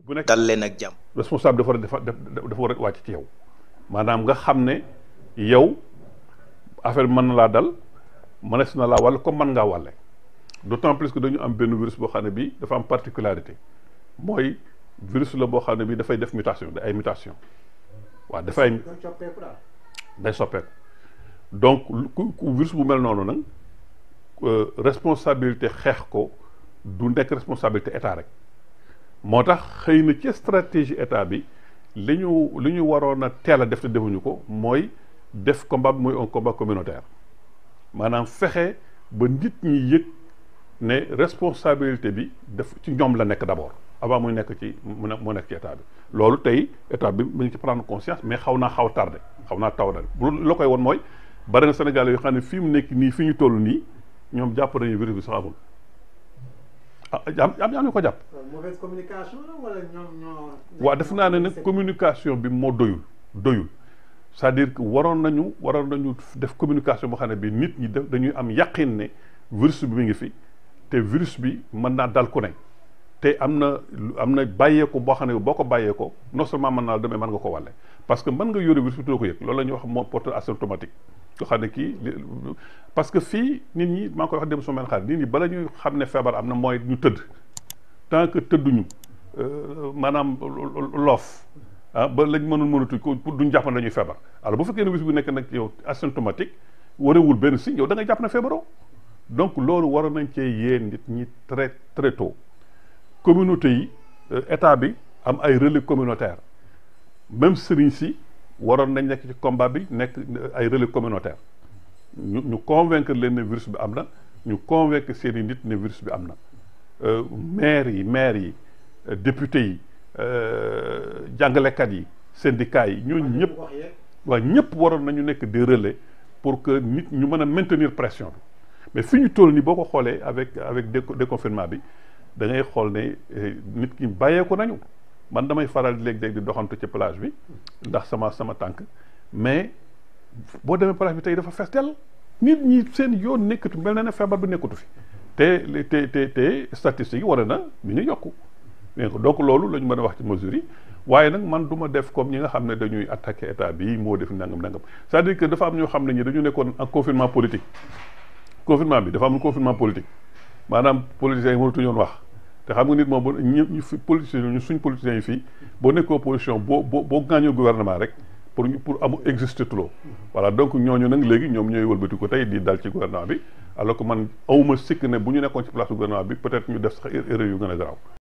bu nekk dal leen ak jàmm. responsable dafa war a dafa war a wàcc ci yow maanaam nga xam ne yow affaire bi mën na laa dal mënees na laa wàll comme mën ngaa wàlle d'autant plus que dañu am benn virus boo xam ne bii dafa am particularité mooy virus la boo xam ne bii dafay def mutation da ay mutation waaw dafay. day soppeeku donc ku virus bu mel noonu nag euh, responsabilité xeex ko du nekk responsabilité état rek. moo tax xëy na ci stratégie état bi li ñu li ñu waroon a teel a def te defuñu ko mooy def combat bi muy un combat communautaire maanaam fexe ba nit ñi yëg ne responsabilité bi def ci ñoom la nekk d'abord avant mu nekk ci mu ne mu nekk ci état bi loolu tey état bi mu ngi ci prendre conscience mais xaw naa xaw tardé xaw naa taw daal bu la koy woon mooy bari na sénégale yoo xam ne fii mu nekk nii fi ñu toll nii ñoom jàpp nañu virus bi sax amul ah am am ñu ko jàpp. Euh, mauvaise communication la wala ñoom ñoo. waaw naa ne nag communication bi moo doyul doyul c'est-à-dire que waroon na ñu waroon ñu def communication boo xam ne bi nit ñi def dañuy am yaqin ne virus bi mi ngi fi te virus bi mën naa dal ku ne. te am na am na bàyyeeku boo xam ne boo ko bàyyeekoo non seulement mën naa la demee mën nga ko wàlle parce que mën nga yore virus bi doo ko yëg loolu la ñuy a moom porteur asymptomatique nga parce que fii nit ñi maa ngi koy wax dem su ma xaar nit ñi bala ñuy ne feebar am na mooy ñu tëdd tant que tëdduñu euh, maanaam loof ah ba lañ mënul mënatuñ ko pour duñ jàpp ne dañuy feebar alors bu fekkee ne virus bi nekk nag yow asymptomatique si yow da nga jàpp ne feebaroo donc loolu waroon nañ cee yee nit ñi très très tôt communauté yi euh, état bi am ay relais communautaire même sëriñ si waroon nañ nekk ci combat bi nekk euh, ay relais communautaire ñu ñu convaincre leen ne virus bi am na ñu convaincre seen i nit ne virus bi am na euh, maire yi maire yi député yi jàngalekat yi syndicats yi ñooñu ñëpp waa ñëpp waroon nañu nekk des relais pour que nit ñu mën a maintenir pression bi mais fi ñu toll nii boo ko xoolee avec avec déconfinement bi da xool ne eh, nit ki bàyyeeku nañu man damay faral léeg-léeg di doxantu ci plage bi ndax sama sama tànk mais boo demee plage bi tey dafa fees dell nit ñi seen yoon nekkatu mel na ne feebar bi nekkatu fi te te te te statistiques yi wane na ñu ngi yokku donc loolu la mën a wax ci mesures yi waaye man du ma def comme ñi nga xam ne dañuy attaqué état bi moo def nangam nangam cest dire que dafa am ñoo xam ne ñi dañu nekkoon ak confinement politique confinement bi dafa am confinement politique maanaam politiciens yi mënatuñu te xam nga nit moom ñu ñu politicien suñ politiciens yi fii boo nekkee opposition boo boo boo gaañoo gouvernement rek pour pour amu exister tuloo voilà donc ñu nag léegi ñoom ñooy wëlbati ko tey di dal ci gouvernement bi alors que man awuma sikk ne bu ñu nekkoon ci place gouvernement bi peut-être ñu def sax erreur yu gën a garaaw